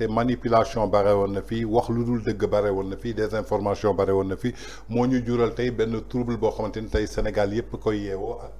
ndaxte manipulation bare woon na fii wax lu dul dëgg bare woon na fii information bare woon na fi moo ñu jural tey benn trouble boo xamante ni tey Sénégal yëpp koy yeewoo ak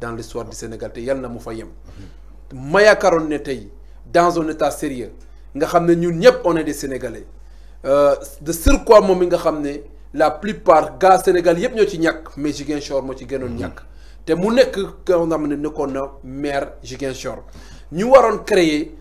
dans l'histoire du Sénégal te Yalla na mu fa yem ma dans un état sérieux nga xam ne ñun on est des Sénégalais euh, de sur quoi mi nga xam la plupart gars Sénégalais yëpp ñoo ci ñàkk mais Ziguinchor moo ci gënoon ñàkk te mu nekk nga xam ne nekkoon na maire Ziguinchor ñu avons créer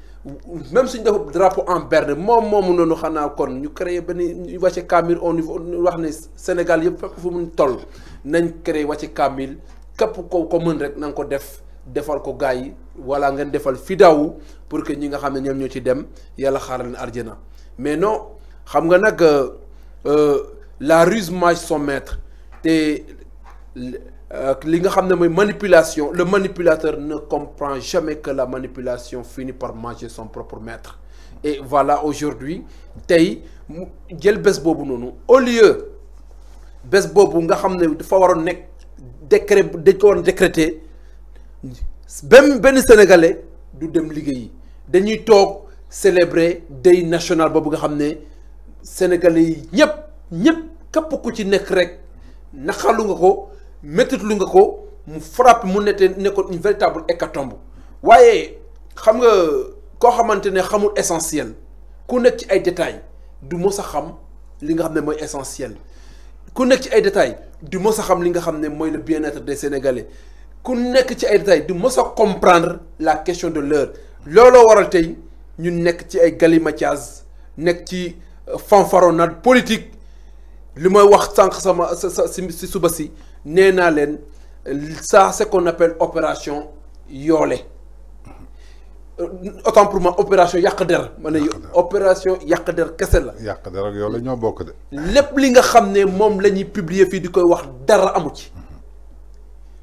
même suñ def drapeau en berne moi moomu noonu xanaa kon ñu créer ben ñu wàcce kaamil au niveau wax ne Sénégal yëpp fépp fu mu toll nañ créer wàcce kaamil képp ko ko mën rek nang ko def defal ko gars yi wala ngeen defal fidaw pour que ñi nga xamne ne ñoo ci dem yalla xaaral leen arjana mais non xam nga euh, euh la ruse mange son maître té euh, li nga xamne moy manipulation le manipulateur ne comprend jamais que la manipulation finit par manger son propre maître et voilà aujourd'hui tay jël bes bobu nonu au lieu bes bobu nga xamne ne dafa waroon décret décrété ben sénégalais du dem liguey dañuy célébrer day national bobu nga sénégalais ñep ñep ko Ils nga ko mu frappe mu une véritable hécatombe wayé xam nga essentiel ku nek ci détails du xam essentiel ku nekk ci ay détails du mos a xam li nga xam le bien-être des sénégalais ku nekk ci ay détails du mos a comprendre la question de l'heure looloo waral Nous ñu nekk ci ay galimatias nekk ci euh, fanfaronnade politique li may wax sànq sama sa sa si suba si nee euh, ça c'est qu'on appelle opération yoole euh, autant pour moi opération Yakder, der opération Yakder der kese la. Yakder, der ak yow la ñoo bokk de. lépp li nga xamné mom lañuy publier fi di wax dara amu ci.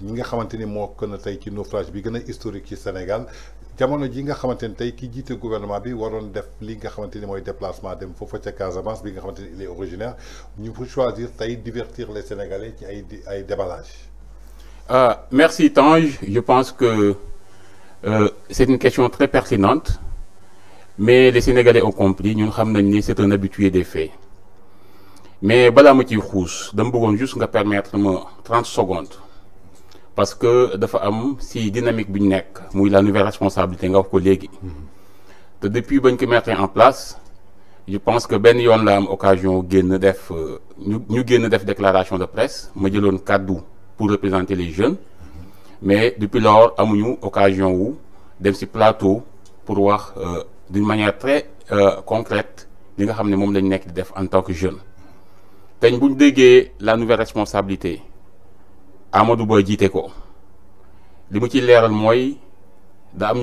Nous nga xamanteni ni moo naufrage bi gën historique ci Sénégal jamono ji nga xamanteni tey ki jiite gouvernement bi waroon def li nga xamanteni mooy déplacement dem foofa ca Casamance bi nga xamanteni il est originaire ñu pouvons choisir tey divertir les Sénégalais ci ay ay déballages. Euh, merci Tange je pense que euh, c'est une question très pertinente mais les Sénégalais ont compris nous savons que c'est un habitué des faits mais voilà ma ciy xuus juste nga permettre 30 secondes parce que dafa am si dynamique qui nek la nouvelle responsabilité nga nos collègues. Depuis depuis bañ ko mettre en place je pense que nous avons la am occasion guen def euh, ñu def déclaration de presse ma jëlone cadeau pour représenter les jeunes mais depuis lors amuñu occasion de dem un plateau pour voir euh, d'une manière très euh, concrète li nga nous mom en tant que jeunes. tañ buñ la nouvelle responsabilité Amadou Ba dit ko le mu ci leeral mooy da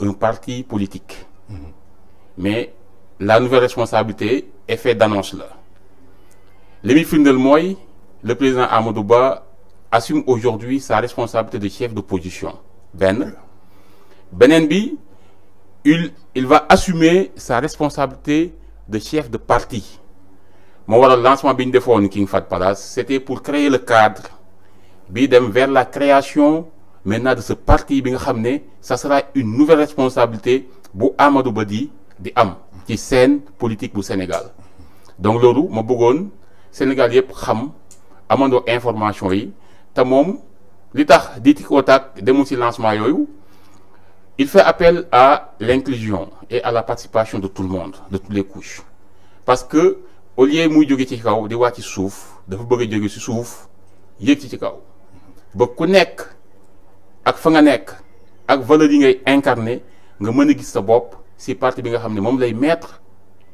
un parti politique mais la nouvelle responsabilité est faite d'annonce là. li de firndeel le président Amadou Ba assume aujourd'hui sa responsabilité de chef d'opposition Ben Ben bi il va assumer sa responsabilité de chef de parti Mon lancement de King Fat Palace c'était pour créer le cadre bii vers la création maintenant de ce parti bi nga ça sera une nouvelle responsabilité bu Amadou Ba di di am ci scène politique bu Sénégal donc loolu ma bëggone Sénégal yépp xam amando information yi ta mom li tax di tik au ci lancement il fait appel à l'inclusion et à la participation de tout le monde de toutes les couches parce que au lieu de jóge ci kaw di souffrent, ci suuf dafa bëgg a ci souf yékk ci kaw ba ku nekk ak fa nga nekk ak valeur yi ngay incarner nga mën a gis sa bopp si parti bi nga xam ne moom lay mettre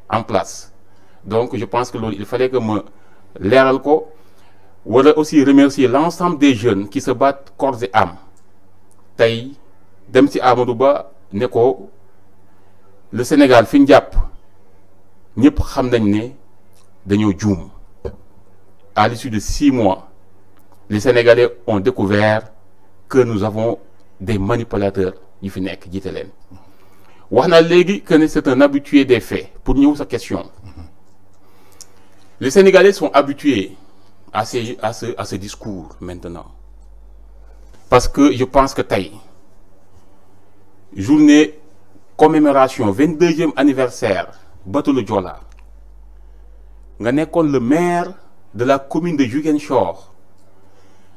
en place donc je pense que loolu il fallait que ma leeral ko wala aussi remercier l'ensemble des jeunes qui se battent corps et âme tey dem ci Amadou Ba ne ko le Sénégal fi ñu jàpp ñëpp xam nañ ne dañoo juum à l'issue de six mois les Sénégalais ont découvert que nous avons des manipulateurs du fi dit que c'est un habitué des faits pour nous, sa question les Sénégalais sont habitués à ce discours maintenant parce que je pense que journée commémoration 22 e anniversaire Batulu djola nga êtes le maire de la commune de Jugenshore...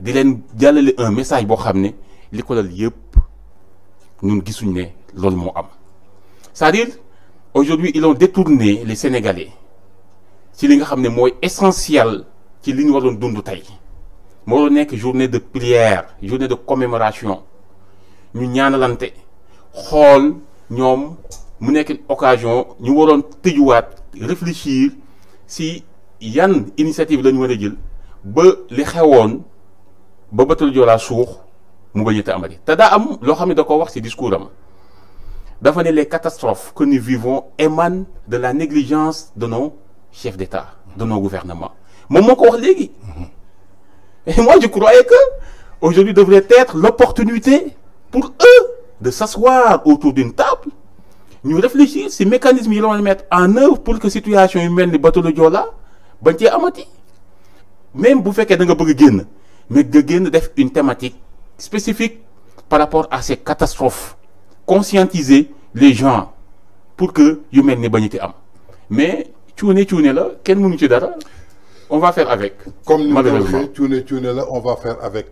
di leen un message bo xamné les collègues dal yëpp ñun gisuñ ne loolu mo am c'est-à-dire aujourd'hui ils ont détourné les Sénégalais ci li nga xamné moy essentiel ci li ñu waron dund tay journée de prière journée de commémoration ñu ñaanalante xol ñom mu nekk occasion ñu teju wat réfléchir si yann initiative lañu ñu jël ba li xewoon babatul jola sour, suux mu bañ a amati da am lo xam da discours da les catastrophes que nous vivons émanent de la négligence de nos chefs d'État de nos gouvernements mon moko et moi je croyais que aujourd'hui devrait être l'opportunité pour eux de s'asseoir autour d'une table ñu réfléchir ces mécanismes yi les mettre en œuvre pour que situation yu melni ni jola Joola bañ cee amati même bu fekkee da nga bëgg mais de génn def une thématique spécifique par rapport à ces catastrophes conscientiser les gens pour que yu les pas Mais am mais es là, la monde tu ci là on va faire avec. comme nous ma tu waxee là on va faire avec